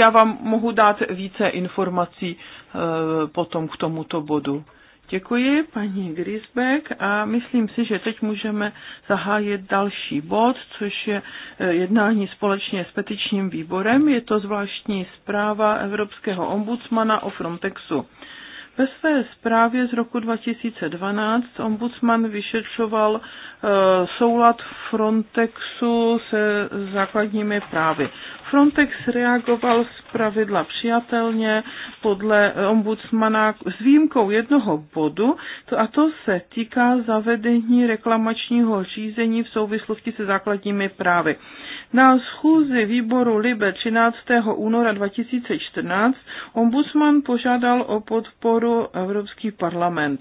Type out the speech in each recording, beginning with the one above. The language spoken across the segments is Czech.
já vám mohu dát více informací eh, potom k tomuto bodu. Děkuji paní Grisbeck a myslím si, že teď můžeme zahájit další bod, což je eh, jednání společně s petičním výborem. Je to zvláštní zpráva Evropského ombudsmana o Frontexu. Ve své zprávě z roku 2012 ombudsman vyšetřoval e, soulad Frontexu se základními právy. Frontex reagoval z pravidla přijatelně podle ombudsmana s výjimkou jednoho bodu a to se týká zavedení reklamačního řízení v souvislosti se základními právy. Na schůzi výboru Libe 13. února 2014 ombudsman požádal o podporu Evropský parlament.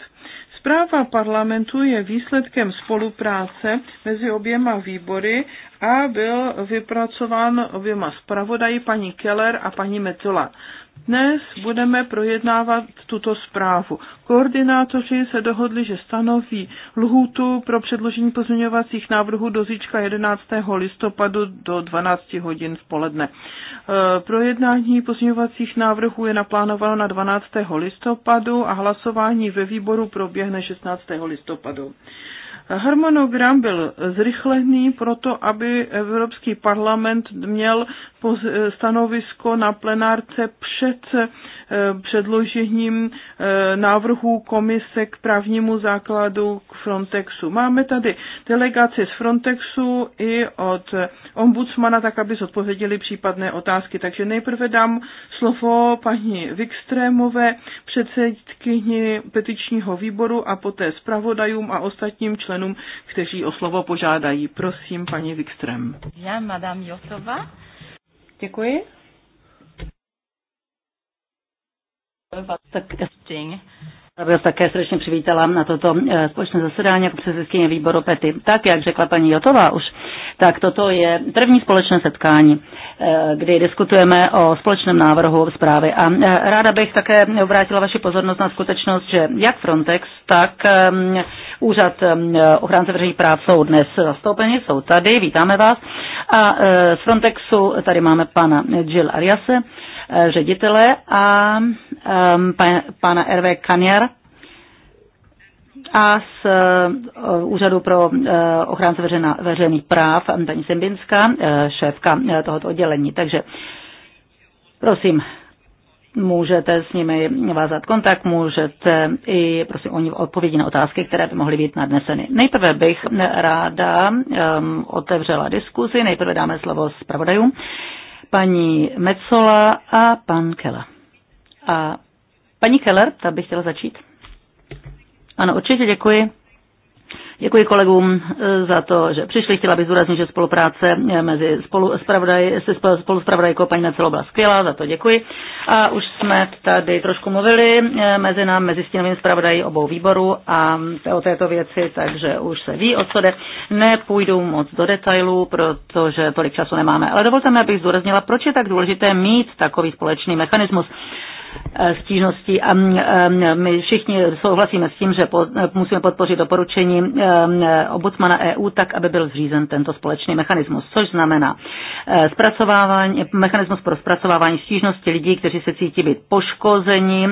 Zpráva parlamentu je výsledkem spolupráce mezi oběma výbory a byl vypracován oběma zpravodají paní Keller a paní Metola. Dnes budeme projednávat tuto zprávu. Koordinátoři se dohodli, že stanoví lhůtu pro předložení pozměňovacích návrhů do zítřka 11. listopadu do 12 hodin v poledne. E, projednání pozměňovacích návrhů je naplánováno na 12. listopadu a hlasování ve výboru proběhne 16. listopadu. Harmonogram byl zrychlený proto, aby Evropský parlament měl stanovisko na plenárce před předložením eh, návrhů komise k právnímu základu k Frontexu. Máme tady delegaci z Frontexu i od ombudsmana, tak aby zodpověděli případné otázky. Takže nejprve dám slovo paní Vikstrémové, předsedkyni petičního výboru a poté zpravodajům a ostatním členům, kteří o slovo požádají. Prosím, paní Vikstrém. Já, madame Jotova. Děkuji. Tak, já bych také srdečně přivítala na toto eh, společné zasedání jako předsedkyně výboru PETY. Tak, jak řekla paní Jotová už, tak toto je první společné setkání, eh, kdy diskutujeme o společném návrhu zprávy. A eh, ráda bych také obrátila vaši pozornost na skutečnost, že jak Frontex, tak ehm, Úřad ehm, ochránce veřejných práv jsou dnes zastoupeni, jsou tady, vítáme vás. A z Frontexu tady máme pana Jill Ariase, ředitele a Um, pana Rv. Kaniar a z uh, Úřadu pro uh, ochránce veřejných práv, paní Simbinská, uh, šéfka tohoto oddělení. Takže prosím, můžete s nimi vázat kontakt, můžete i prosím o odpovědi na otázky, které by mohly být nadneseny. Nejprve bych ráda um, otevřela diskuzi, nejprve dáme slovo zpravodajům, paní Mecola a pan Kela. A paní Keller, ta by chtěla začít. Ano, určitě děkuji. Děkuji kolegům eh, za to, že přišli. Chtěla bych zúraznit, že spolupráce eh, mezi spolu se paní Mecelo byla skvělá, za to děkuji. A už jsme tady trošku mluvili eh, mezi námi, mezi stínovým zpravodají obou výborů a o této věci, takže už se ví, o co jde. Nepůjdu moc do detailů, protože tolik času nemáme. Ale dovolte mi, abych zúraznila, proč je tak důležité mít takový společný mechanismus E, stížností a e, my všichni souhlasíme s tím, že e, musíme podpořit doporučení obudsmana EU tak, aby byl zřízen tento společný mechanismus, což znamená zpracovávání, mechanismus pro zpracovávání stížnosti lidí, kteří se cítí být poškození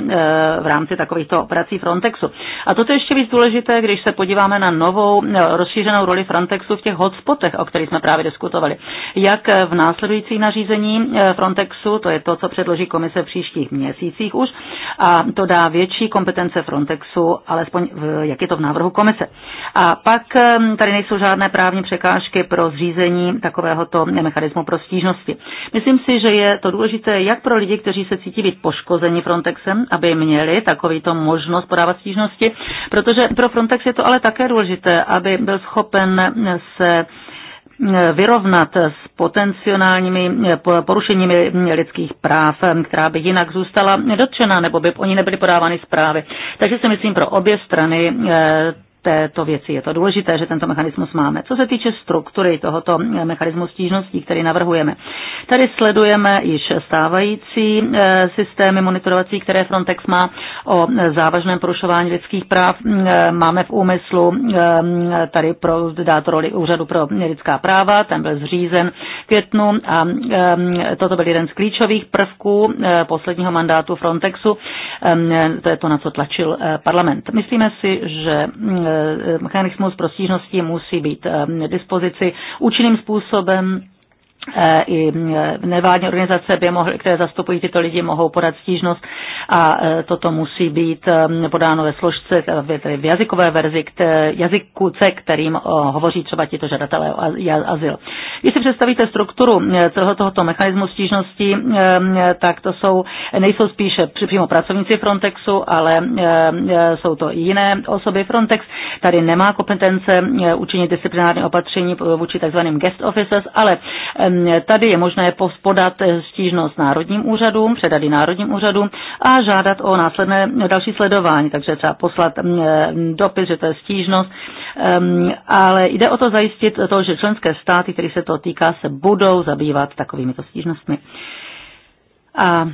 v rámci takovýchto operací Frontexu. A toto je ještě víc důležité, když se podíváme na novou rozšířenou roli Frontexu v těch hotspotech, o kterých jsme právě diskutovali. Jak v následující nařízení Frontexu, to je to, co předloží komise příštích měsících, měsících už a to dá větší kompetence Frontexu, alespoň v, eh, jak je to v návrhu komise. A pak eh, tady nejsou žádné právní překážky pro zřízení takovéhoto mechanismu pro stížnosti. Myslím si, že je to důležité jak pro lidi, kteří se cítí být poškozeni Frontexem, aby měli takovýto možnost podávat stížnosti, protože pro Frontex je to ale také důležité, aby byl schopen se vyrovnat s potenciálními eh, porušeními lidských práv, eh, která by jinak zůstala dotčena, nebo by oni nebyly podávány zprávy. Takže si myslím, pro obě strany eh, této věci. Je to důležité, že tento mechanismus máme. Co se týče struktury tohoto mechanismu stížností, který navrhujeme, tady sledujeme již stávající eh, systémy monitorovací, které Frontex má o závažném porušování lidských práv. Eh, máme v úmyslu eh, tady pro, dát roli Úřadu pro lidská práva, ten byl zřízen v květnu a toto byl jeden z klíčových prvků posledního mandátu Frontexu. To je to, na co tlačil parlament. Myslíme si, že mm, mechanismus pro stížnosti musí být eh, dispozici účinným způsobem E, i nevládní organizace, by mohly, které zastupují tyto lidi, mohou podat stížnost a e, toto musí být podáno ve složce, tedy v jazykové verzi, k jazyku c, kterým hovoří třeba tito žadatelé o azyl. Když si představíte strukturu celého tohoto mechanismu stížnosti, e, tak to jsou, nejsou spíše přímo pracovníci Frontexu, ale jsou to i jiné osoby. Frontex tady nemá kompetence učinit disciplinární opatření vůči tzv. guest officers, ale Tady je možné podat eh, stížnost národním úřadům, předady národním úřadům a žádat o následné další sledování, takže třeba poslat mm, eh, dopis, že to je stížnost, ale jde o to zajistit to, že členské státy, které se to týká, se budou zabývat takovými stížnostmi. A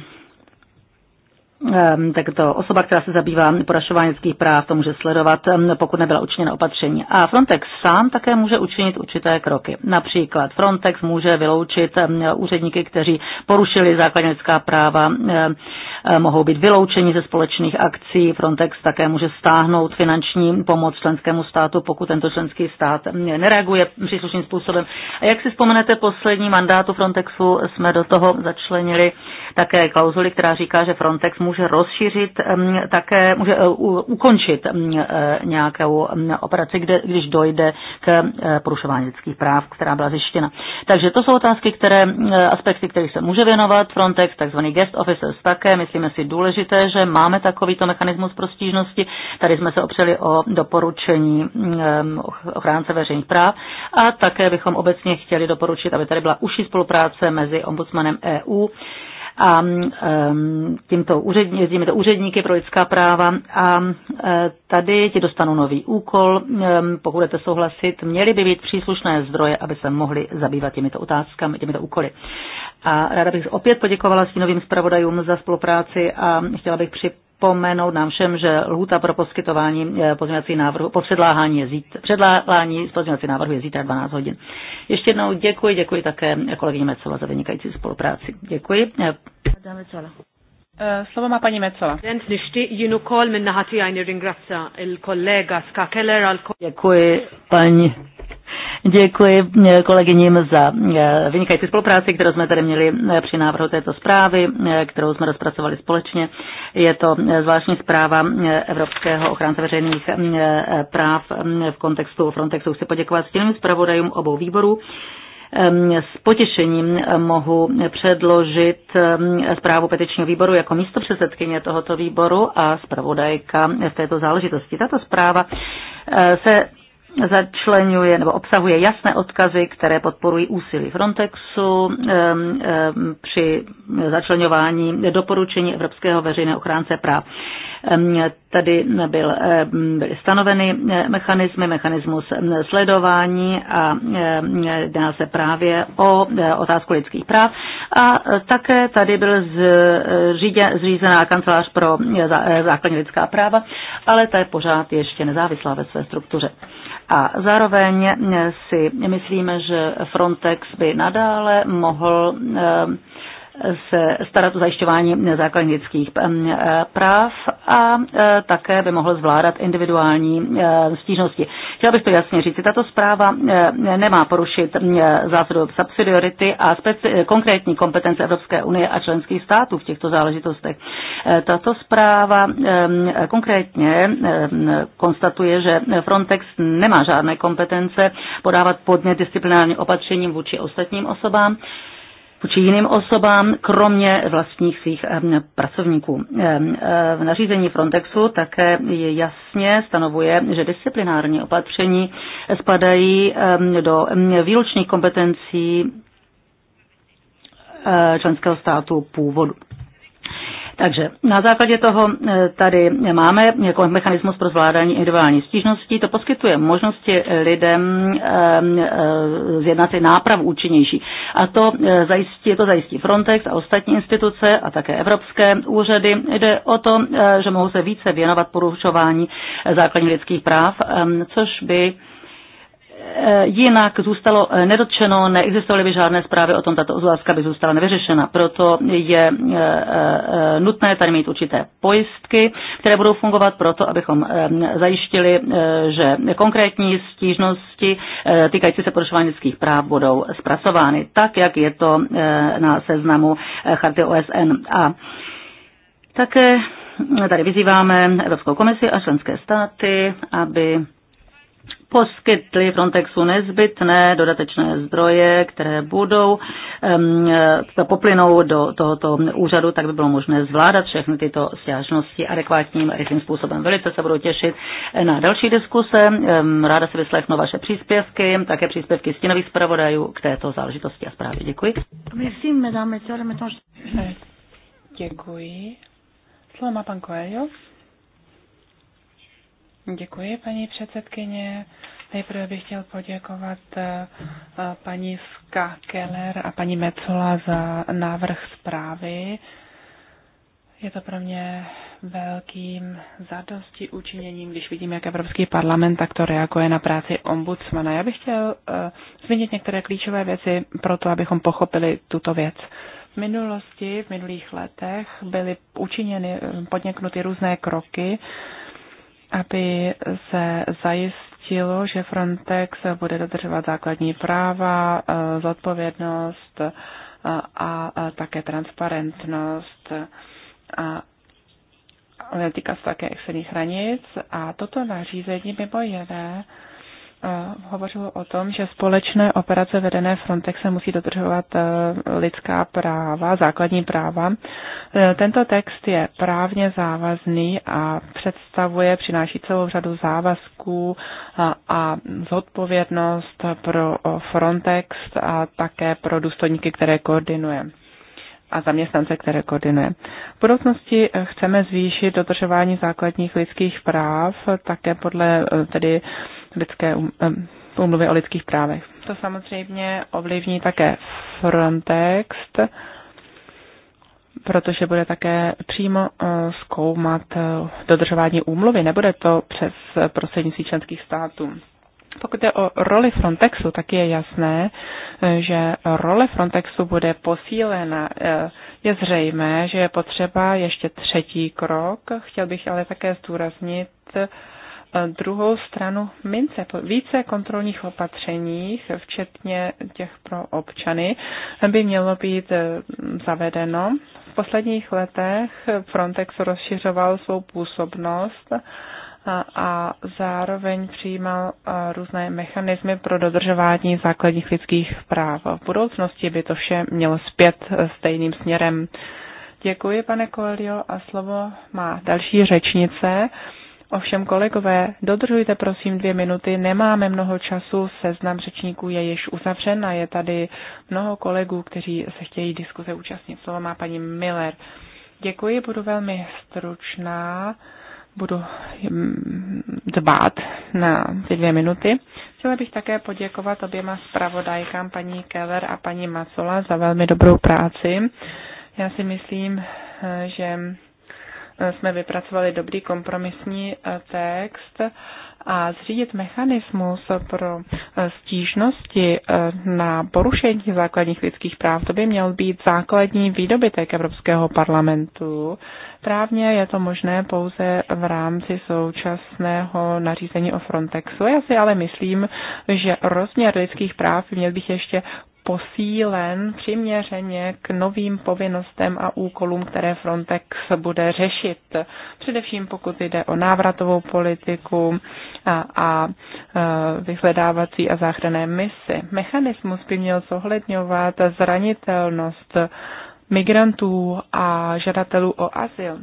Ehm, tak to osoba, která se zabývá porašováním lidských práv, to může sledovat, ehm, pokud nebyla učiněna opatření. A Frontex sám také může učinit určité kroky. Například Frontex může vyloučit ehm, úředníky, kteří porušili základní lidská práva, mohou být vyloučeni ze společných akcí. Frontex také může stáhnout finanční pomoc členskému státu, pokud tento členský stát nereaguje příslušným způsobem. A jak si vzpomenete, poslední mandátu Frontexu jsme do toho začlenili také klauzuli, která říká, že Frontex může může rozšířit také, může e, ukončit e, nějakou operaci, kde, když dojde k e, porušování lidských práv, která byla zjištěna. Takže to jsou otázky, které, aspekty, kterých se může věnovat Frontex, takzvaný guest officers také. Myslíme si důležité, že máme takovýto mechanismus pro stížnosti. Tady jsme se opřeli o doporučení ochránce veřejných práv a také bychom obecně chtěli doporučit, aby tady byla užší spolupráce mezi ombudsmanem EU a um, tímto úředníky, to úředníky pro lidská práva a uh, tady ti dostanou nový úkol, um, pokud budete souhlasit, měly by být příslušné zdroje, aby se mohli zabývat těmito otázkami, těmito úkoly. A ráda bych opět poděkovala novým zpravodajům za spolupráci a chtěla bych připomenout, připomenout nám všem, že lhůta pro poskytování eh, pozměňovacích návrhů, po předláhání je předláhání pozměňovacích návrhů je zítra 12 hodin. Ještě jednou děkuji, děkuji také kolegyně Mecola za vynikající spolupráci. Děkuji. Eh, eh, slovo má paní Mecola. Děkuji, paní Děkuji eh, kolegyním za eh, vynikající spolupráci, kterou jsme tady měli eh, při návrhu této zprávy, kterou jsme rozpracovali společně. Je to zvláštní zpráva Evropského ochránce veřejných práv v kontextu Frontexu. Chci poděkovat stěným zpravodajům obou výborů. Ehm, s potěšením mohu předložit ehm, zprávu petičního výboru jako místo předsedkyně tohoto výboru a zpravodajka v této záležitosti. Tato zpráva se začlenuje nebo obsahuje jasné odkazy, které podporují úsilí Frontexu při začlenování doporučení Evropského veřejného ochránce práv. Tady byl, byly stanoveny e, mechanismy, mechanismus sledování a dá se právě o e, otázku lidských práv. A e, také tady byl zřízená kancelář pro základní lidská práva, ale ta je pořád ještě nezávislá ve své struktuře. A zároveň eh, si myslíme, že Frontex by nadále mohl eh, se starat o zajišťování základních lidských e, práv a e, také by mohl zvládat individuální e, stížnosti. Chtěla bych to jasně říct. Tato zpráva nemá porušit zásadu subsidiarity a speci- konkrétní kompetence Evropské unie a členských států v těchto záležitostech. Tato zpráva konkrétně konstatuje, že Frontex nemá žádné kompetence podávat podně disciplinární opatřením vůči ostatním osobám, vůči jiným osobám, kromě vlastních svých pracovníků. V nařízení Frontexu také je jasně stanovuje, že disciplinární opatření spadají do výlučných kompetencí eh, členského státu původu. Takže na základě toho e, tady máme jako mechanismus pro zvládání individuální stížností. To poskytuje možnosti lidem e, zjednat si náprav účinnější. A to e, zajistí, to zajistí Frontex a ostatní instituce a také evropské úřady. Jde o to, že mohou se více věnovat porušování základních lidských práv, což by Eh, jinak zůstalo eh, nedotčeno, neexistovaly by žádné zprávy o tom, tato otázka by zůstala nevyřešena. Proto je eh, nutné tady mít určité pojistky, které budou fungovat proto, abychom zajištili, že konkrétní stížnosti týkající se porušování lidských práv budou zpracovány, tak jak je to na seznamu Charty OSN. A také tady vyzýváme Evropskou komisi a členské státy, aby poskytli Frontexu nezbytné dodatečné zdroje, které budou um, poplynou do tohoto úřadu, tak by bylo možné zvládat všechny tyto stěžnosti adekvátním rychlým způsobem. Velice se budu těšit na další diskuse. Um, ráda si vyslechnu vaše příspěvky, také příspěvky stínových zpravodajů k této záležitosti a zprávě. Děkuji. Merci, madame, Děkuji. Slovo má pan Coelho. Děkuji, paní předsedkyně. Nejprve bych chtěl poděkovat eh, eh, paní Ska Keller a paní Mecola za návrh zprávy. Je to pro mě velkým zadosti učiněním, když vidím, jak Evropský parlament takto reaguje na práci ombudsmana. Já bych chtěl uh, zmínit některé klíčové věci pro to, abychom pochopili tuto věc. V minulosti, v minulých letech byly učiněny, podniknuty různé kroky, uh, aby se zajistilo, že Frontex bude dodržovat základní práva, eh, zodpovědnost eh, a také transparentnost. A týká se také externích hranic a toto nařízení mimo jiné hovořilo o tom, že společné operace vedené Frontexem musí dodržovat eh, lidská práva, základní práva. Eh, tento text je právně závazný a představuje, přináší celou řadu závazků a, eh, a zodpovědnost pro Frontex a také pro důstojníky, které koordinuje a zaměstnance, které koordinuje. V budoucnosti chceme zvýšit dodržování základních lidských práv také podle tedy lidské um, um, úmluvy o lidských právech. To samozřejmě ovlivní také Frontex, protože bude také přímo uh, zkoumat uh, dodržování úmluvy. Nebude to přes uh, prostřednictví členských států. Pokud je o roli Frontexu, tak je jasné, že role Frontexu bude posílena. Je zřejmé, že je potřeba ještě třetí krok. Chtěl bych ale také zdůraznit, druhou stranu mince. Více kontrolních opatřeních, včetně těch pro občany, by mělo být e, zavedeno. V posledních letech Frontex rozšiřoval svou působnost a zároveň přijímal e, různé mechanismy pro dodržování základních lidských práv. V budoucnosti by to vše mělo zpět e, stejným směrem. Děkuji, pane Coelho, a slovo má další řečnice. Ovšem kolegové, dodržujte prosím dvě minuty, nemáme mnoho času, seznam řečníků je již uzavřen a je tady mnoho kolegů, kteří se chtějí diskuze účastnit. Slovo má paní Miller. Děkuji, budu velmi stručná, budu hm, dbát na ty dvě minuty. Chtěla bych také poděkovat oběma zpravodajkám, paní Keller a paní Macola, za velmi dobrou práci. Já si myslím, že jsme vypracovali dobrý kompromisní eh, text a zřídit mechanismus pro eh, stížnosti eh, na porušení základních lidských práv, to by měl být základní výdobytek Evropského parlamentu. Právně je to možné pouze v rámci současného nařízení o Frontexu. Já si ale myslím, že rozměr lidských práv měl být ještě posílen přiměřeně k novým povinnostem a úkolům, které Frontex bude řešit. Především pokud jde o návratovou politiku a, a e, vyhledávací a záchranné misi. Mechanismus by měl zohledňovat zranitelnost migrantů a žadatelů o azyl.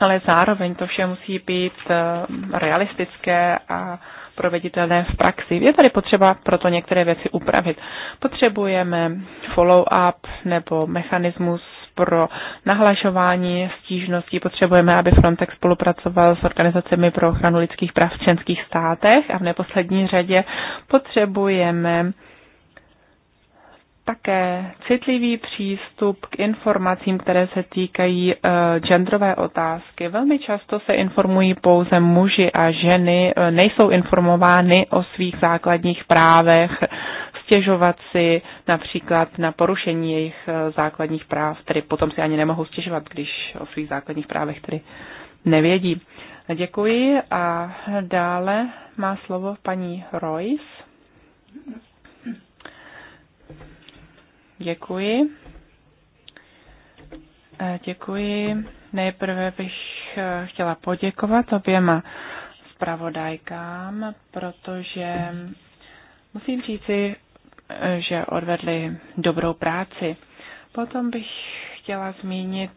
Ale zároveň to vše musí být e, realistické a proveditelné v praxi. Je tady potřeba proto některé věci upravit. Potřebujeme follow-up nebo mechanismus pro nahlašování stížností. Potřebujeme, aby Frontex spolupracoval s organizacemi pro ochranu lidských práv v členských státech a v neposlední řadě potřebujeme také citlivý přístup k informacím, které se týkají eh, genderové otázky. Velmi často se informují pouze muži a ženy, eh, nejsou informovány o svých základních právech, stěžovat si například na porušení jejich eh, základních práv, tedy potom si ani nemohou stěžovat, když o svých základních právech tedy nevědí. Děkuji a dále má slovo paní Royce. Děkuji. E, děkuji. Nejprve bych e, chtěla poděkovat oběma zpravodajkám, protože musím říci, e, že odvedli dobrou práci. Potom bych chtěla zmínit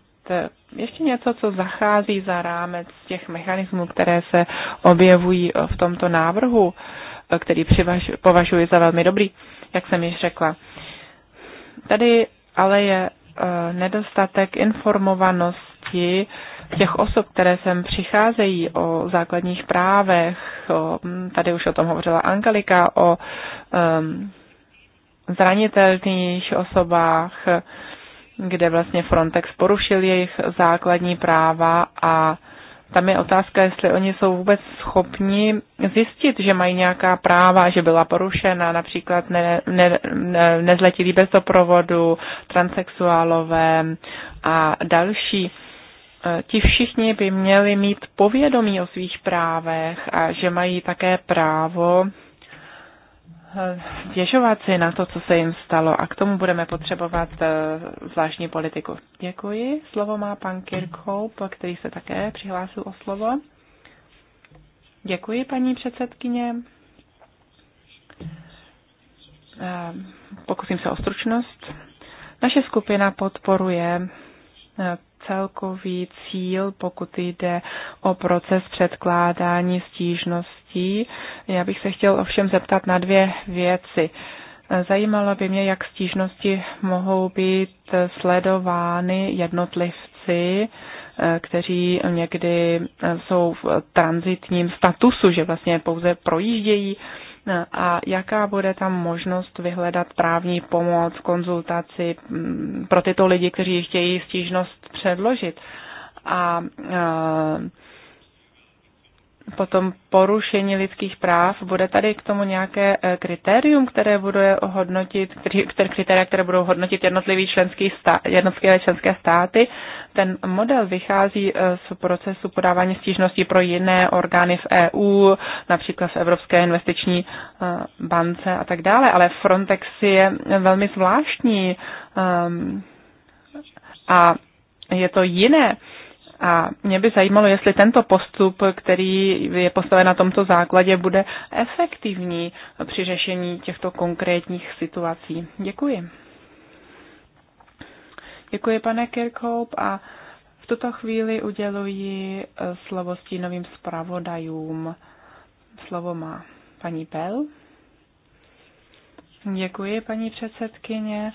ještě něco, co zachází za rámec těch mechanismů, které se objevují v tomto návrhu, který považuji za velmi dobrý, jak jsem již řekla. Tady ale je e, nedostatek informovanosti těch osob, které sem přicházejí o základních právech. O, tady už o tom hovořila Angelika, o um, zranitelných osobách, kde vlastně Frontex porušil jejich základní práva a tam je otázka, jestli oni jsou vůbec schopni zjistit, že mají nějaká práva, že byla porušena, například ne, ne, ne, nezletilí bez doprovodu, transexuálové a další e, ti všichni by měli mít povědomí o svých právech a že mají také právo Eh, si na to, co se jim stalo a k tomu budeme potřebovat eh, zvláštní politiku. Děkuji. Slovo má pan po který se také přihlásil o slovo. Děkuji, paní předsedkyně. Eh, pokusím se o stručnost. Naše skupina podporuje celkový cíl, pokud jde o proces předkládání stížností. Já bych se chtěl ovšem zeptat na dvě věci. Zajímalo by mě, jak stížnosti mohou být sledovány jednotlivci, kteří někdy jsou v transitním statusu, že vlastně pouze projíždějí a jaká bude tam možnost vyhledat právní pomoc, konzultaci mm, pro tyto lidi, kteří chtějí stížnost předložit. A e, potom porušení lidských práv. Bude tady k tomu nějaké eh, kritérium, které budou hodnotit, které, kritéria, které budou hodnotit jednotlivý členský stát, jednotlivé členské státy? Ten model vychází eh, z procesu podávání stížností pro jiné orgány v EU, například v Evropské investiční eh, bance a tak dále, ale Frontex je velmi zvláštní ehm, a je to jiné a mě by zajímalo, jestli tento postup, který je postaven na tomto základě, bude efektivní při řešení těchto konkrétních situací. Děkuji. Děkuji, pane Kirkhope, a v tuto chvíli uděluji eh, slovo stínovým zpravodajům. Slovo má paní Pell. Děkuji, paní předsedkyně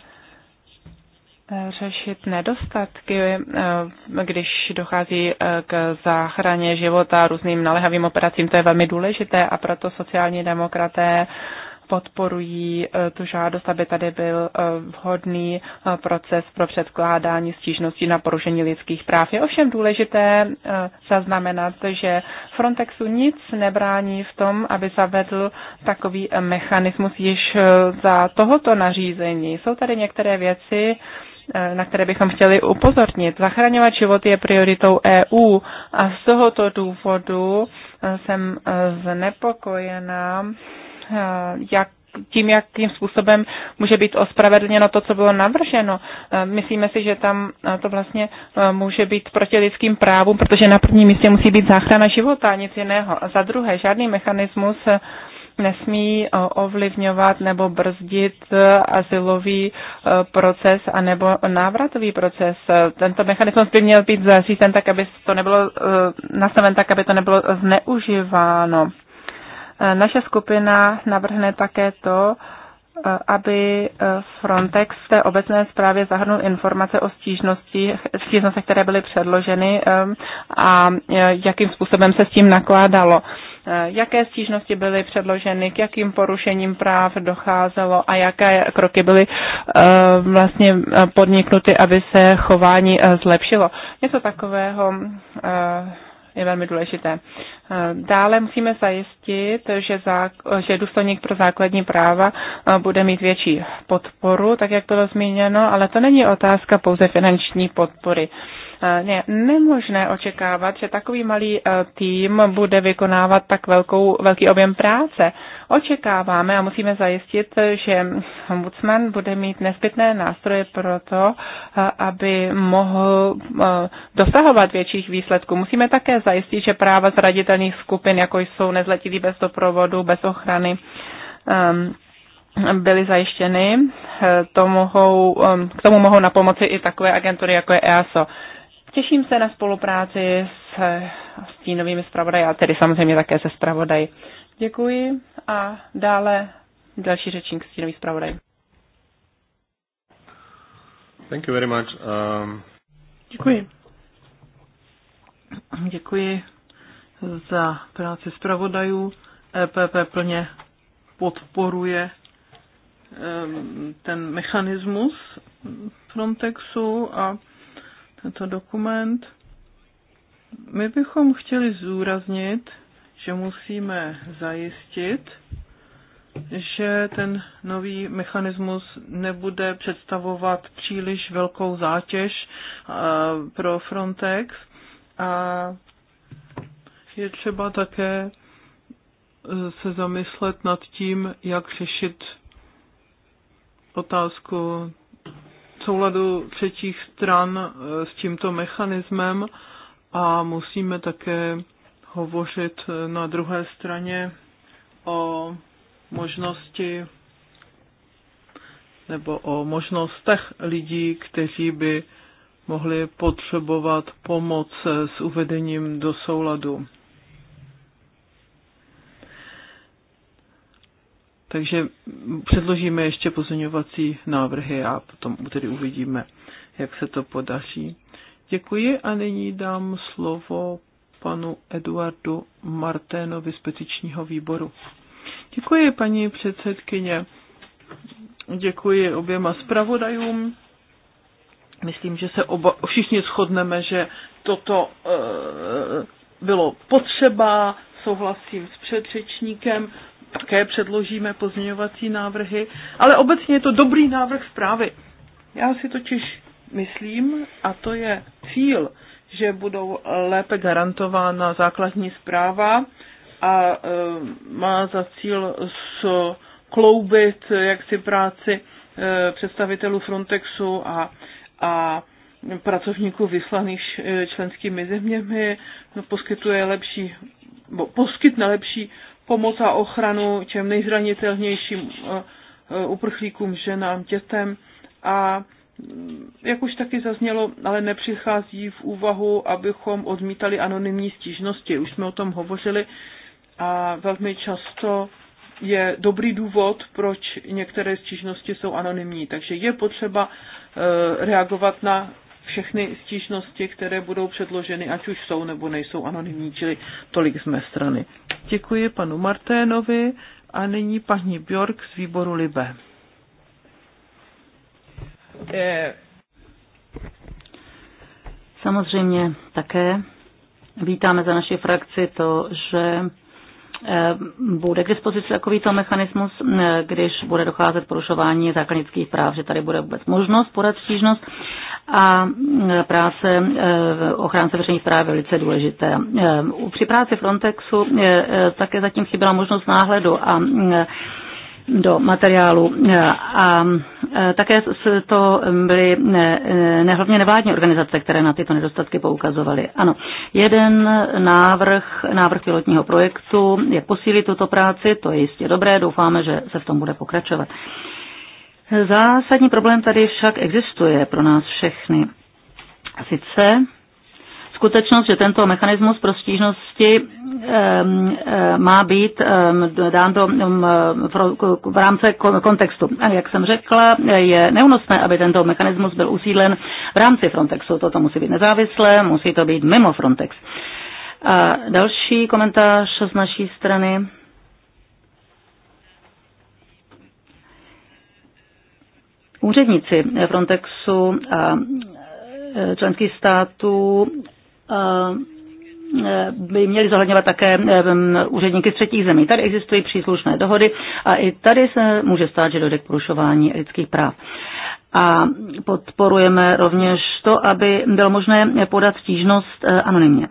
řešit nedostatky, eh, když dochází eh, k záchraně života různým naléhavým operacím. To je velmi důležité a proto sociální demokraté podporují eh, tu žádost, aby tady byl vhodný proces pro předkládání stížností na porušení lidských práv. Je ovšem důležité zaznamenat, že Frontexu nic nebrání v tom, aby zavedl takový mechanismus již za tohoto nařízení. Jsou tady některé věci, Eh, na které bychom chtěli upozornit. Zachraňovat život je prioritou EU a z tohoto důvodu eh, jsem eh, znepokojená, jak tím, jakým způsobem může být ospravedlněno to, co bylo navrženo. Myslíme si, že tam to vlastně může být proti lidským právům, protože na prvním místě musí být záchrana života, nic jiného. A za druhé, žádný mechanismus nesmí eh, ovlivňovat nebo brzdit eh, asilový eh, proces a nebo návratový proces. Tento mechanismus by měl být zařízen tak, aby to nebylo nastaven tak, aby to nebylo zneužíváno. Naše skupina navrhne také to, aby Frontex v té obecné zprávě zahrnul informace o stížnostech, které byly předloženy a jakým způsobem se s tím nakládalo. Eh, jaké stížnosti byly předloženy, k jakým porušením práv docházelo a jaké kroky byly eh, vlastně eh, podniknuty, aby se chování zlepšilo. Něco takového je velmi důležité. Dále musíme zajistit, že, zák- že důstojník pro základní práva bude mít větší podporu, tak jak to bylo zmíněno, ale to není otázka pouze finanční podpory je eh, nemožné očekávat, že takový malý eh, tým bude vykonávat tak velkou, velký objem práce. Očekáváme a musíme zajistit, že ombudsman bude mít nezbytné nástroje pro to, eh, aby mohl dosahovat větších výsledků. Musíme také zajistit, že práva zraditelných skupin, jako jsou nezletilí bez doprovodu, bez ochrany, ehm, byly zajištěny. To mohou, ehm, k tomu mohou napomoci i takové agentury, jako je EASO. Těším se na spolupráci s stínovými zpravodaji a tedy samozřejmě také se zpravodaji. Děkuji a dále další řečník stínový zpravodaj. Thank you very much. Um... Děkuji. Děkuji za práci zpravodajů. EPP plně podporuje um, ten mechanismus Frontexu a tento dokument. My bychom chtěli zúraznit, že musíme zajistit, že ten nový mechanismus nebude představovat příliš velkou zátěž eh, pro Frontex a je třeba také eh, se zamyslet nad tím, jak řešit otázku souladu třetích stran e, s tímto mechanismem a musíme také hovořit e, na druhé straně o možnosti nebo o možnostech lidí, kteří by mohli potřebovat pomoc e, s uvedením do souladu. Takže předložíme ještě pozměňovací návrhy a potom tedy uvidíme, jak se to podaří. Děkuji a nyní dám slovo panu Eduardu Marténovi z petičního výboru. Děkuji, paní předsedkyně. Děkuji oběma zpravodajům. Myslím, že se oba, všichni shodneme, že toto e, bylo potřeba, souhlasím s předřečníkem také předložíme pozměňovací návrhy, ale obecně je to dobrý návrh zprávy. Já si totiž myslím, a to je cíl, že budou lépe garantována základní zpráva a e, má za cíl kloubit jaksi práci e, představitelů Frontexu a, a pracovníků vyslaných e, členskými zeměmi, no, poskytuje lepší, bo, poskytne lepší pomoc a ochranu těm nejzranitelnějším eh, eh, uprchlíkům, ženám, dětem a mm, jak už taky zaznělo, ale nepřichází v úvahu, abychom odmítali anonymní stížnosti. Už jsme o tom hovořili a velmi často je dobrý důvod, proč některé stížnosti jsou anonymní. Takže je potřeba eh, reagovat na všechny stížnosti, které budou předloženy, ať už jsou nebo nejsou anonymní, čili tolik z mé strany. Děkuji panu Marténovi a nyní paní Bjork z výboru Libe. Eh, samozřejmě také vítáme za naši frakci to, že eh, bude k dispozici takovýto mechanismus, eh, když bude docházet porušování základnických práv, že tady bude vůbec možnost podat stížnost a mm, práce e, ochránce veřejných práv je velice důležité. E, při práci Frontexu e, také zatím chyběla možnost náhledu a mm, do materiálu. A také to byly nehlavně nevládní organizace, které na tyto nedostatky poukazovaly. Ano, jeden návrh, návrh pilotního projektu je posílit tuto práci, to je jistě dobré, doufáme, že se v tom bude pokračovat. Zásadní problém tady však existuje pro nás všechny. A sice skutečnost, že tento mechanismus pro stížnosti má být dán do, v rámci kontextu. Jak jsem řekla, je neúnosné, aby tento mechanismus byl usídlen v rámci Frontexu. Toto musí být nezávislé, musí to být mimo Frontex. A další komentář z naší strany. Úředníci Frontexu a e, členských států e, by měli zohledňovat také e, úředníky z třetích zemí. Tady existují příslušné dohody a i tady se může stát, že dojde k porušování lidských práv. A podporujeme rovněž to, aby bylo možné podat stížnost anonymně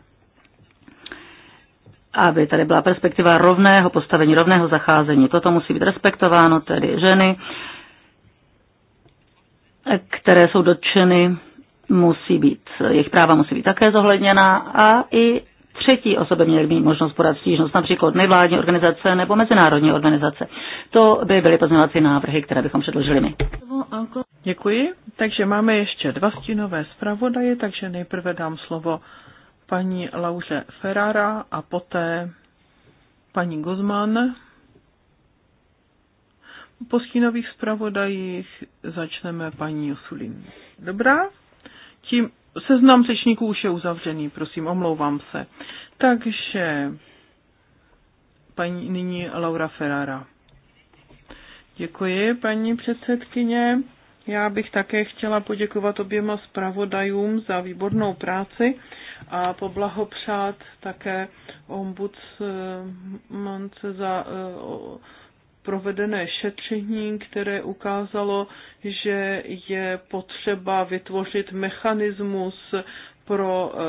aby tady byla perspektiva rovného postavení, rovného zacházení. Toto musí být respektováno, tedy ženy které jsou dotčeny, musí být, jejich práva musí být také zohledněna a i třetí osoby měly mít možnost podat stížnost, například nevládní organizace nebo mezinárodní organizace. To by byly pozměňovací návrhy, které bychom předložili my. Děkuji. Takže máme ještě dva stínové zpravodaje, takže nejprve dám slovo paní Lauře Ferrara a poté paní Guzman po stínových zpravodajích začneme paní Osulín. Dobrá? Tím seznam řečníků už je uzavřený, prosím, omlouvám se. Takže paní, nyní Laura Ferrara. Děkuji, paní předsedkyně. Já bych také chtěla poděkovat oběma zpravodajům za výbornou práci a poblahopřát také ombudsmance za eh, provedené šetření, které ukázalo, že je potřeba vytvořit mechanismus pro eh,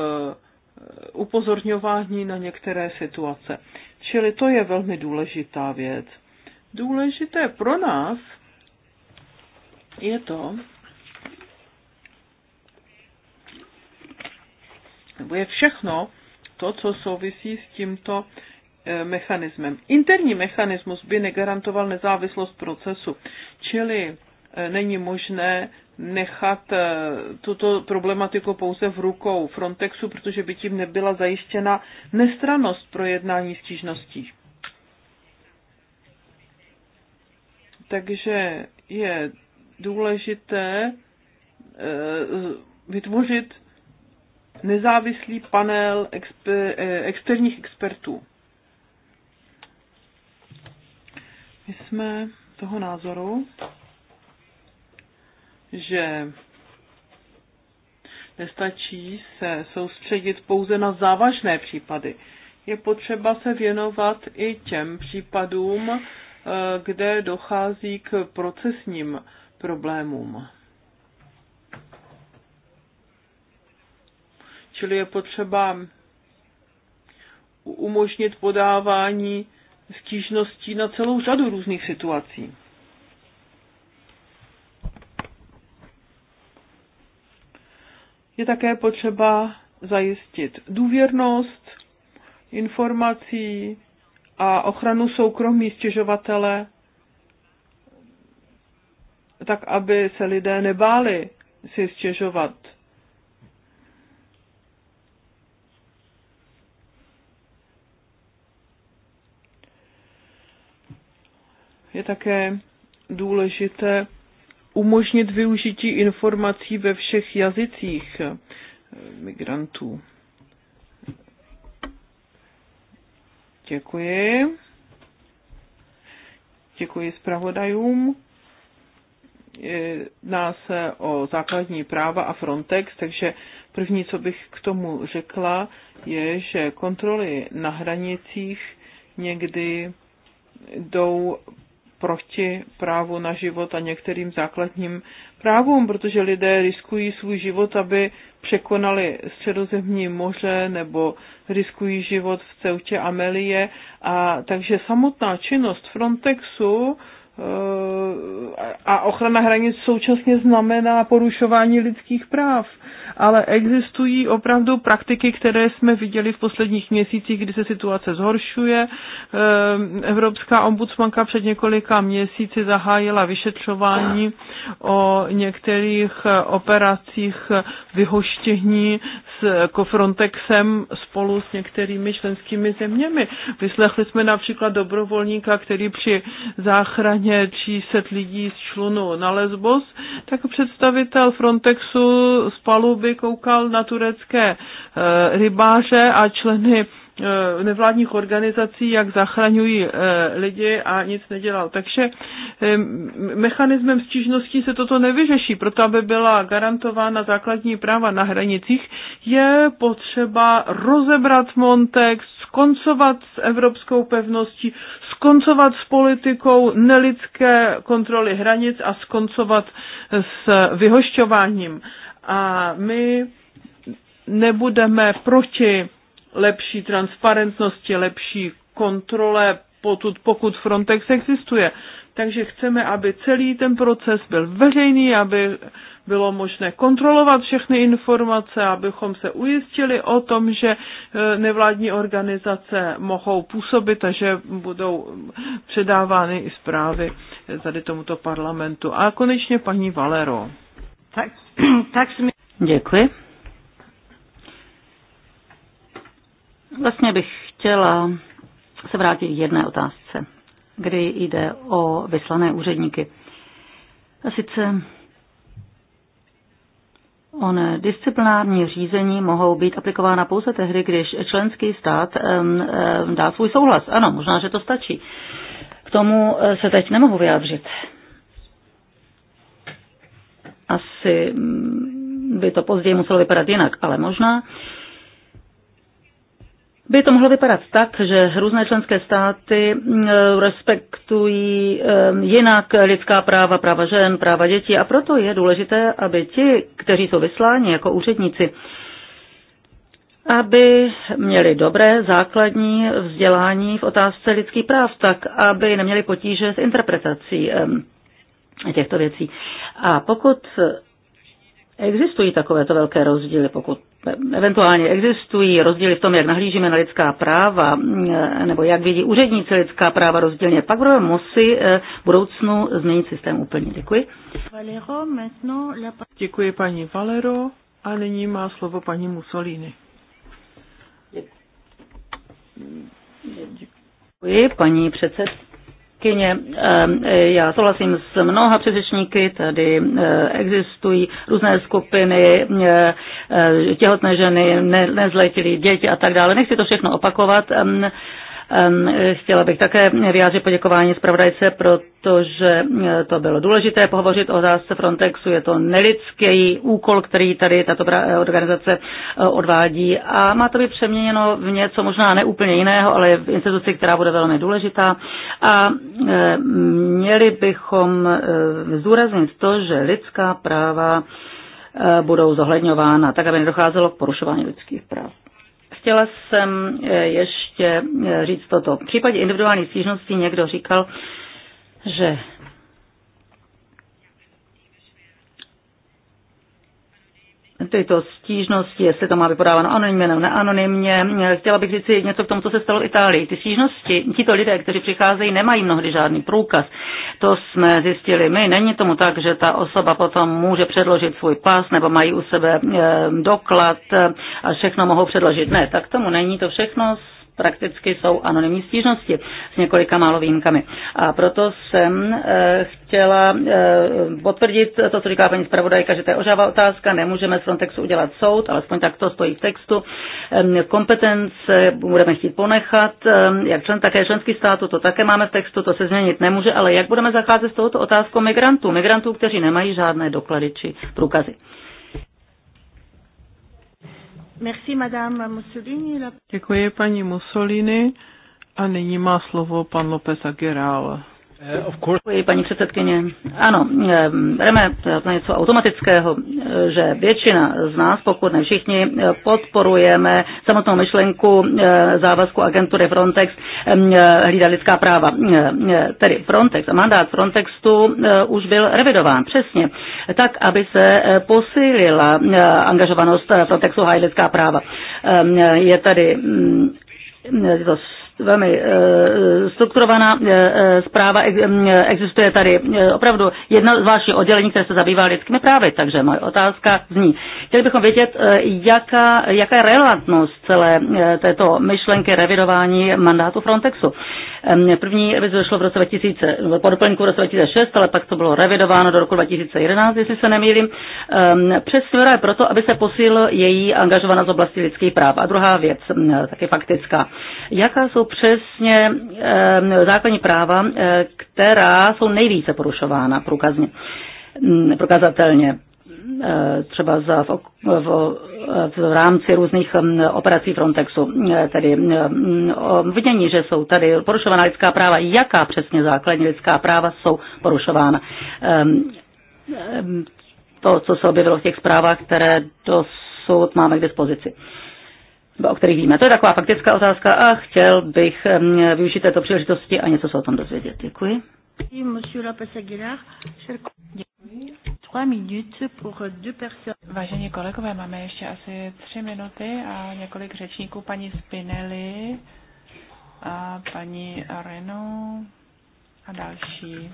upozorňování na některé situace. Čili to je velmi důležitá věc. Důležité pro nás je to, nebo je všechno to, co souvisí s tímto Eh, mechanismem. Interní mechanismus by negarantoval nezávislost procesu, čili eh, není možné nechat eh, tuto problematiku pouze v rukou Frontexu, protože by tím nebyla zajištěna nestranost pro jednání stížností. Takže je důležité vytvořit nezávislý panel exper, externích expertů. My jsme toho názoru, že nestačí se soustředit pouze na závažné případy. Je potřeba se věnovat i těm případům, eh, kde dochází k procesním problémům. Čili je potřeba umožnit podávání stížností na celou řadu různých situací. Je také potřeba zajistit důvěrnost informací a ochranu soukromí stěžovatele, tak aby se lidé nebáli si stěžovat je také důležité umožnit využití informací ve všech jazycích eh, migrantů. Děkuji. Děkuji zpravodajům. Jedná se o základní práva a Frontex, takže první, co bych k tomu řekla, je, že kontroly na hranicích někdy jdou proti právu na život a některým základním právům, protože lidé riskují svůj život, aby překonali středozemní moře nebo riskují život v Ceutě Amelie. A takže samotná činnost Frontexu Eh, a ochrana hranic současně znamená porušování lidských práv. Ale existují opravdu praktiky, které jsme viděli v posledních měsících, kdy se situace zhoršuje. Eh, Evropská ombudsmanka před několika měsíci zahájila vyšetřování o některých operacích vyhoštění s Frontexem spolu s některými členskými zeměmi. Vyslechli jsme například dobrovolníka, který při záchraně ohledně 300 lidí z člunu na Lesbos, tak představitel Frontexu z paluby koukal na turecké eh, rybáře a členy eh, nevládních organizací, jak zachraňují eh, lidi a nic nedělal. Takže mechanismem stížností se toto nevyřeší. Proto, aby byla garantována základní práva na hranicích, je potřeba rozebrat Montex, skoncovat s evropskou pevností, skoncovat s politikou nelidské kontroly hranic a skoncovat s vyhošťováním. A my nebudeme proti lepší transparentnosti, lepší kontrole, potud, pokud Frontex existuje. Takže chceme, aby celý ten proces byl veřejný, aby bylo možné kontrolovat všechny informace, abychom se ujistili o tom, že e, nevládní organizace mohou působit a že budou předávány i zprávy e, tady tomuto parlamentu. A konečně paní Valero. Tak, tak jsme... Děkuji. Vlastně bych chtěla se vrátit k jedné otázce, kdy jde o vyslané úředníky. A sice On disciplinární řízení mohou být aplikována pouze tehdy, když členský stát dá svůj souhlas. Ano, možná, že to stačí. K tomu eh, se teď nemohu vyjádřit. Asi mm, by to později muselo vypadat jinak, ale možná by to mohlo vypadat tak, že různé členské státy mm, respektují jinak lidská práva, práva žen, práva dětí a proto je důležité, aby ti, kteří jsou vysláni jako úředníci, aby měli dobré základní vzdělání v otázce lidských práv, tak aby neměli potíže s interpretací těchto věcí. A pokud Existují takovéto velké rozdíly, pokud eventuálně existují rozdíly v tom, jak nahlížíme na lidská práva, eh, nebo jak vidí úředníci lidská práva rozdílně, pak budeme moci eh, v budoucnu změnit systém úplně. Děkuji. Děkuji paní Valero a nyní má slovo paní Mussolini. Děkuji, paní předsedkyně předsedkyně. Já souhlasím s mnoha předřečníky, tady eh, existují různé skupiny, eh, eh, těhotné ženy, nezletilí děti a tak dále. Nechci to všechno opakovat, Chtěla bych také vyjádřit poděkování zpravodajce, protože eh, to bylo důležité pohovořit o otázce Frontexu. Je to nelidský úkol, který tady tato eh, organizace eh, odvádí a má to být přeměněno v něco možná neúplně jiného, ale v instituci, která bude velmi důležitá. A měli bychom zúraznit to, že lidská práva budou zohledňována, tak aby nedocházelo k porušování lidských práv. Chtěla jsem eh, ještě eh, říct toto. V případě individuální stížnosti někdo říkal, že tyto stížnosti, jestli to má být podáváno anonymně nebo neanonymně. Chtěla bych říct něco k tomu, co se stalo v Itálii. Ty stížnosti, tito lidé, kteří přicházejí, nemají mnohdy žádný průkaz. To jsme zjistili my. Není tomu tak, že ta osoba potom může předložit svůj pas nebo mají u sebe eh, doklad eh, a všechno mohou předložit. Ne, tak tomu není. To všechno prakticky jsou anonymní stížnosti s několika málo výjimkami. A proto jsem eh, chtěla eh, potvrdit to, co říká paní zpravodajka, že to je ožává otázka, nemůžeme z Frontexu udělat soud, alespoň tak to stojí v textu. Kompetence budeme chtít ponechat, jak člen, také členský státu, to také máme v textu, to se změnit nemůže, ale jak budeme zacházet s touto otázkou migrantů, migrantů, kteří nemají žádné doklady či průkazy. Merci, madame Mussolini. Děkuji, paní Mussolini. A nyní má slovo pan López Aguirre. Eh, Děkuji, paní předsedkyně. Ano, eh, bereme to něco automatického, eh, že většina z nás, pokud ne všichni, podporujeme samotnou myšlenku závazku agentury Frontex hlídat lidská práva. Tedy Frontex, mandát Frontexu už byl revidován přesně, tak, aby se posílila angažovanost Frontexu hlídat lidská práva. Je tady mm, to velmi eh, strukturovaná eh, eh, zpráva. Mm, existuje tady opravdu jedno zvláštní oddělení, které se zabývá lidskými právy, takže moje otázka zní. Chtěli bychom vědět, jaká, jaká je relevantnost celé této myšlenky revidování mandátu Frontexu. Ehm, první revize došlo v roce 2000, po doplňku v roce 2006, ale pak to bylo revidováno do roku 2011, jestli se nemýlím. Ehm, přesně je proto, aby se posílil její angažovanost v oblasti lidských práv. A druhá věc, mm, taky faktická jaká jsou přesně základní práva, která jsou nejvíce porušována průkazně, mm, prokazatelně třeba za, v, v, v rámci různých operací Frontexu, tedy vidění, že jsou tady porušována lidská práva, jaká přesně základní lidská práva jsou porušována. To, co se objevilo v těch zprávách, které dosud máme k dispozici o kterých víme. To je taková faktická otázka a chtěl bych využít této příležitosti a něco se o tom dozvědět. Děkuji. Vážení kolegové, máme ještě asi tři minuty a několik řečníků, paní Spinelli a paní Reno a další.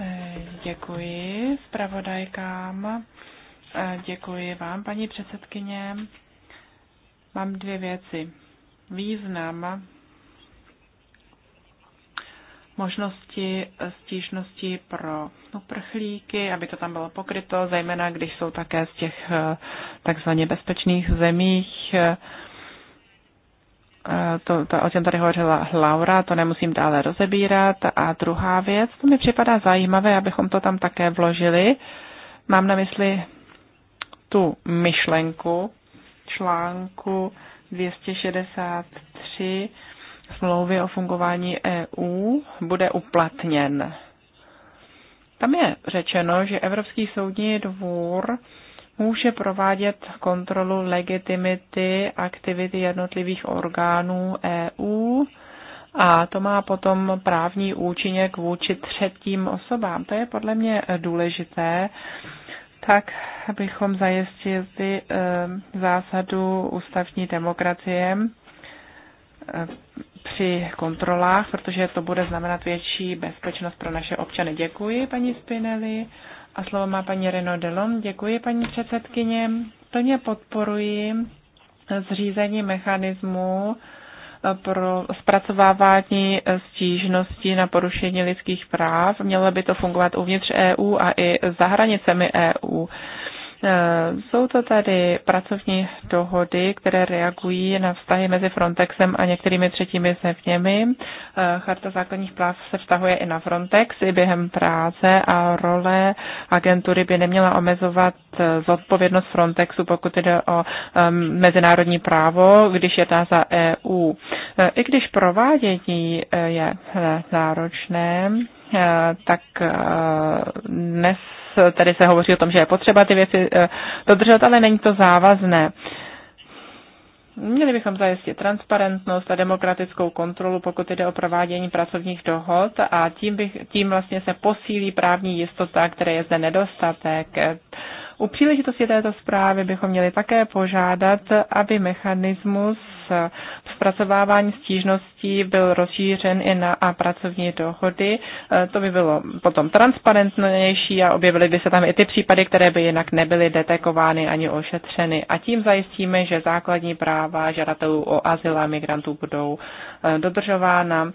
Eh, děkuji zpravodajkám Děkuji vám, paní předsedkyně. Mám dvě věci. Význam možnosti stížnosti pro uprchlíky, aby to tam bylo pokryto, zejména když jsou také z těch eh, takzvaně bezpečných zemích. Eh, to, to, o čem tady hovořila Laura, to nemusím dále rozebírat. A druhá věc, to mi připadá zajímavé, abychom to tam také vložili. Mám na mysli tu myšlenku článku 263 smlouvy o fungování EU bude uplatněn. Tam je řečeno, že Evropský soudní dvůr může provádět kontrolu legitimity aktivity jednotlivých orgánů EU a to má potom právní účinek vůči třetím osobám. To je podle mě důležité, tak abychom zajistili ehm, zásadu ústavní demokracie ehm, při kontrolách, protože to bude znamenat větší bezpečnost pro naše občany. Děkuji, paní Spinelli. A slovo má paní Reno Delon. Děkuji, paní předsedkyně. Plně podporuji zřízení mechanismu pro zpracovávání stížností na porušení lidských práv. Mělo by to fungovat uvnitř EU a i za hranicemi EU. Eh, jsou to tady pracovní dohody, které reagují na vztahy mezi Frontexem a některými třetími zeměmi. Eh, Charta základních práv se vztahuje i na Frontex, i během práce a role agentury by neměla omezovat eh, zodpovědnost Frontexu, pokud jde o ehm, mezinárodní právo, když ta za EU. I když provádění je náročné, tak dnes Tady se hovoří o tom, že je potřeba ty věci eh, dodržet, ale není to závazné. Měli bychom zajistit transparentnost a demokratickou kontrolu, pokud jde o provádění pracovních dohod a tím, bych, tím vlastně se posílí právní jistota, které je zde nedostatek. U příležitosti této zprávy bychom měli také požádat, aby mechanismus Zpracovávání stížností byl rozšířen i na a pracovní dohody. E, to by bylo potom transparentnější a objevily by se tam i ty případy, které by jinak nebyly detekovány ani ošetřeny. A tím zajistíme, že základní práva žadatelů o azyl a migrantů budou e, dodržována e,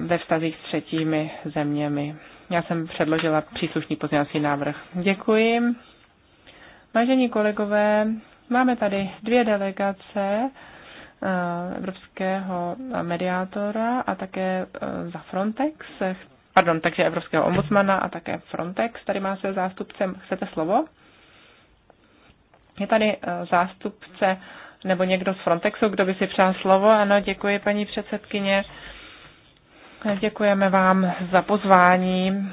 ve vztazích s třetími zeměmi. Já jsem předložila příslušný pozměňovací návrh. Děkuji. Vážení kolegové, Máme tady dvě delegace eh, evropského mediátora a také eh, za Frontex. Eh, pardon, takže evropského ombudsmana a také Frontex. Tady má se zástupce. Chcete slovo? Je tady zástupce nebo někdo z Frontexu, kdo by si přál slovo? Ano, děkuji, paní předsedkyně. Děkujeme vám za pozvání.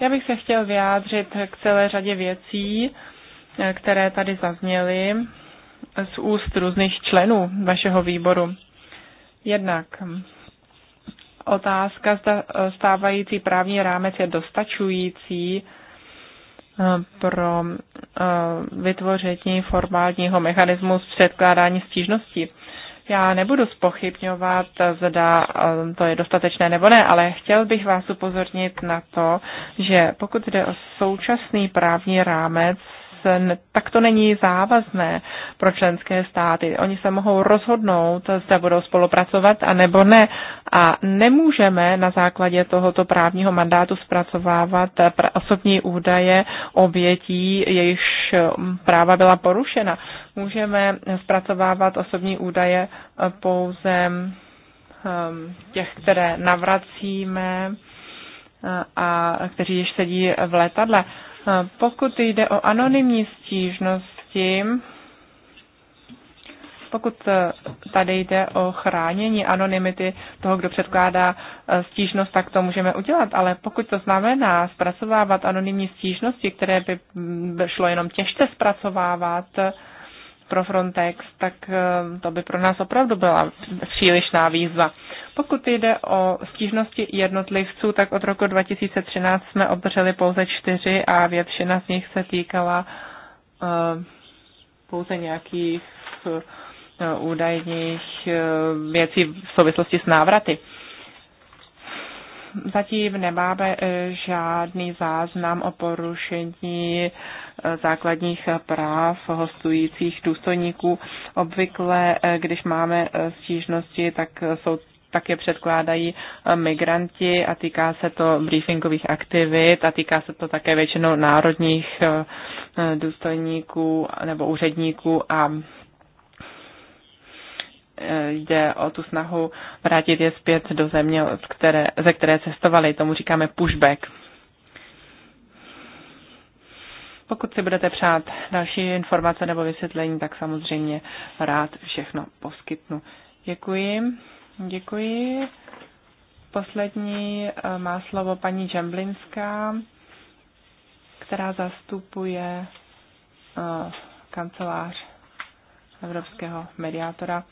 Já bych se chtěl vyjádřit k celé řadě věcí, které tady zazněly z úst různých členů vašeho výboru. Jednak otázka, zda eh, stávající právní rámec je dostačující eh, pro eh, vytvoření formálního mechanismu předkládání stížností. Já nebudu spochybňovat, zda to je dostatečné nebo ne, ale chtěl bych vás upozornit na to, že pokud jde o současný právní rámec, tak to není závazné pro členské státy. Oni se mohou rozhodnout, zda budou spolupracovat a nebo ne. A nemůžeme na základě tohoto právního mandátu zpracovávat osobní údaje obětí, jejichž mm, práva byla porušena. Můžeme zpracovávat osobní údaje eh, pouze ehm, těch, které navracíme eh, a kteří již sedí v letadle. Pokud jde o anonymní stížnosti, pokud e, tady jde o chránění anonymity toho, kdo předkládá e, stížnost, tak to můžeme udělat, ale pokud to znamená zpracovávat anonymní stížnosti, které by šlo jenom těžce zpracovávat, pro Frontex, tak eh, to by pro nás opravdu byla přílišná výzva. Pokud jde o stížnosti jednotlivců, tak od roku 2013 jsme obdrželi pouze čtyři a většina z nich se týkala eh, pouze nějakých eh, údajných věcí v souvislosti s návraty. Zatím nemáme žádný záznam o porušení základních práv hostujících důstojníků. Obvykle, eh, když máme eh, stížnosti, tak eh, jsou tak je předkládají migranti a týká se to briefingových aktivit a týká se to také většinou národních důstojníků nebo úředníků a jde o tu snahu vrátit je zpět do země, které, ze které cestovali. Tomu říkáme pushback. Pokud si budete přát další informace nebo vysvětlení, tak samozřejmě rád všechno poskytnu. Děkuji. Děkuji. Poslední eh, má slovo paní Džemblinská, která zastupuje eh, kancelář evropského mediátora.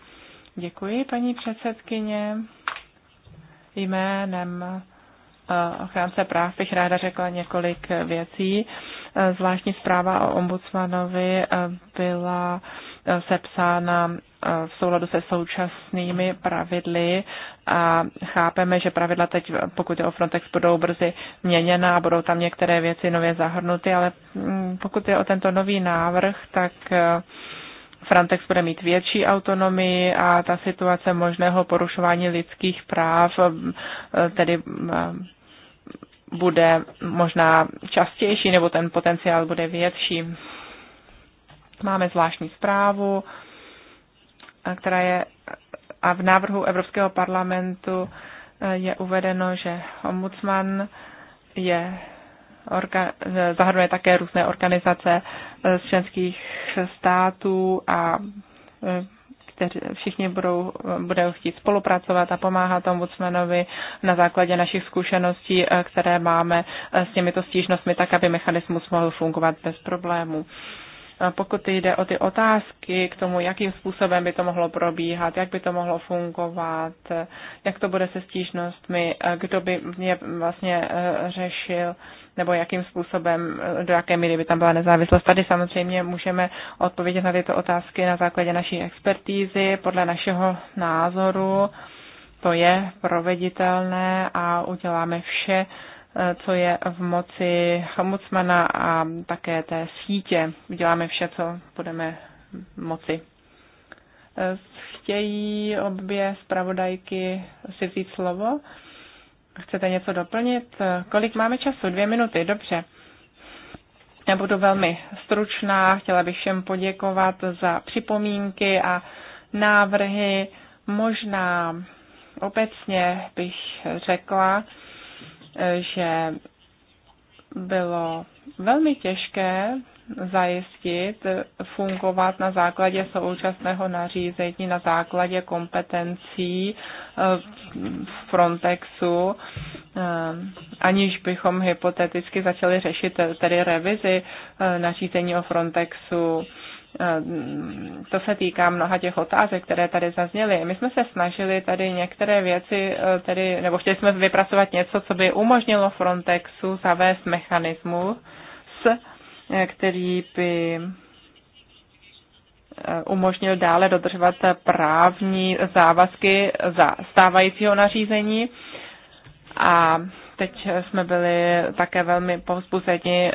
Děkuji, paní předsedkyně. Jménem eh, ochránce práv bych ráda řekla několik věcí. Eh, zvláštní zpráva o ombudsmanovi eh, byla eh, sepsána v souladu se současnými pravidly a chápeme, že pravidla teď, pokud je o Frontex, budou brzy měněna a budou tam některé věci nově zahrnuty, ale mm, pokud je o tento nový návrh, tak Frontex bude mít větší autonomii a ta situace možného porušování lidských práv tedy bude možná častější nebo ten potenciál bude větší. Máme zvláštní zprávu, eh, která je a v návrhu Evropského parlamentu eh, je uvedeno, že ombudsman je orga, zahrnuje také různé organizace eh, z členských států a kteří všichni budou, budou chtít spolupracovat a pomáhat ombudsmanovi na základě našich zkušeností, eh, které máme eh, s těmito stížnostmi, tak aby mechanismus mohl fungovat bez problémů pokud jde o ty otázky k tomu, jakým způsobem by to mohlo probíhat, jak by to mohlo fungovat, eh, jak to bude se stížnostmi, kdo by mě vlastně řešil, nebo jakým způsobem, do jaké míry by tam byla nezávislost. Tady samozřejmě můžeme odpovědět na tyto otázky na základě naší expertízy, podle našeho názoru. To je proveditelné a uděláme vše, eh, co je v moci ombudsmana a také té sítě. Uděláme vše, co budeme moci. Eh, chtějí obě zpravodajky si vzít slovo? Chcete něco doplnit? Kolik máme času? Dvě minuty, dobře. Já budu velmi stručná, chtěla bych všem poděkovat za připomínky a návrhy. Možná obecně bych řekla, že bylo velmi těžké zajistit fungovat na základě současného nařízení, na základě kompetencí v eh, Frontexu, eh, aniž bychom hypoteticky začali řešit tedy revizi eh, nařízení o Frontexu. To se týká mnoha těch otázek, které tady zazněly. My jsme se snažili tady některé věci, tedy, nebo chtěli jsme vypracovat něco, co by umožnilo Frontexu zavést mechanismus, který by eh, umožnil dále dodržovat právní závazky za stávajícího nařízení. A teď jsme byli také velmi povzbuzeni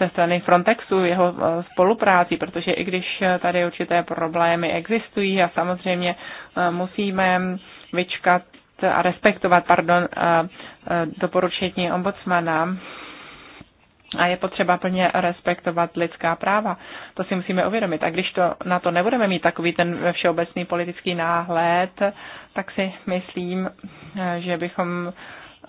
ze strany Frontexu, jeho eh, spolupráci, protože i když tady určité problémy existují a samozřejmě eh, musíme vyčkat a respektovat, pardon, doporučení ombudsmana, a je potřeba plně respektovat lidská práva. To si musíme uvědomit. A když to, na to nebudeme mít takový ten všeobecný politický náhled, tak si myslím, že bychom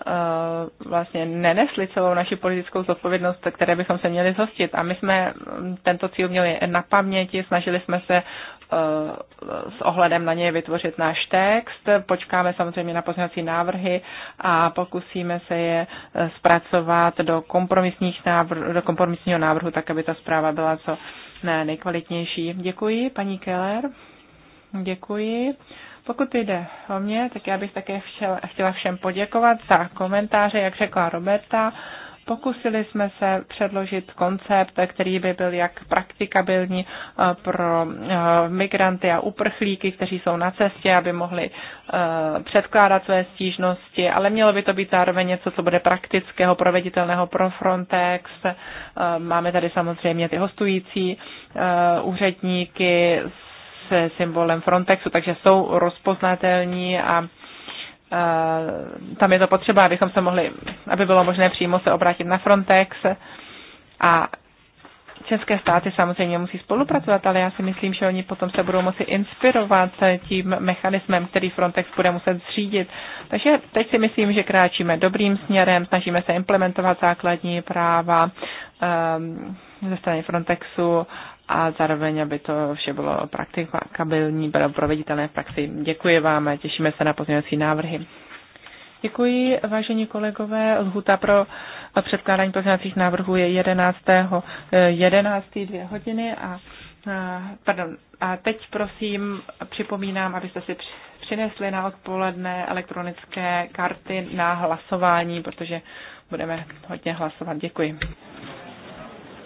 Eh, vlastně nenesli celou naši politickou zodpovědnost, které bychom se měli zhostit. A my jsme tento cíl měli na paměti, snažili jsme se eh, s ohledem na něj vytvořit náš text. Počkáme samozřejmě na pozměňovací návrhy a pokusíme se je eh, zpracovat do, kompromisních návr- do kompromisního návrhu, tak aby ta zpráva byla co nejkvalitnější. Děkuji, paní Keller. Děkuji. Pokud jde o mě, tak já bych také chtěla všem poděkovat za komentáře, jak řekla Roberta. Pokusili jsme se předložit koncept, který by byl jak praktikabilní eh, pro eh, migranty a uprchlíky, kteří jsou na cestě, aby mohli eh, předkládat své stížnosti, ale mělo by to být zároveň něco, co bude praktického, proveditelného pro Frontex. Máme tady samozřejmě ty hostující úředníky se symbolem Frontexu, takže jsou rozpoznatelní a tam je to potřeba, abychom se mohli, aby bylo možné přímo se obrátit na Frontex a české státy samozřejmě musí spolupracovat, ale já si myslím, že oni potom se budou moci inspirovat tím mechanismem, který Frontex bude muset zřídit. Takže teď si myslím, že kráčíme dobrým směrem, snažíme se implementovat základní práva ehm, ze strany Frontexu a zároveň, aby to vše bylo praktikabilní, bylo proveditelné v praxi. Děkuji vám a těšíme se na pozměňovací návrhy. Děkuji, vážení kolegové. Lhuta pro předkládání pozměňovacích návrhů je 11. 11. dvě hodiny a, pardon, a teď prosím připomínám, abyste si přinesli na odpoledne elektronické karty na hlasování, protože budeme hodně hlasovat. Děkuji.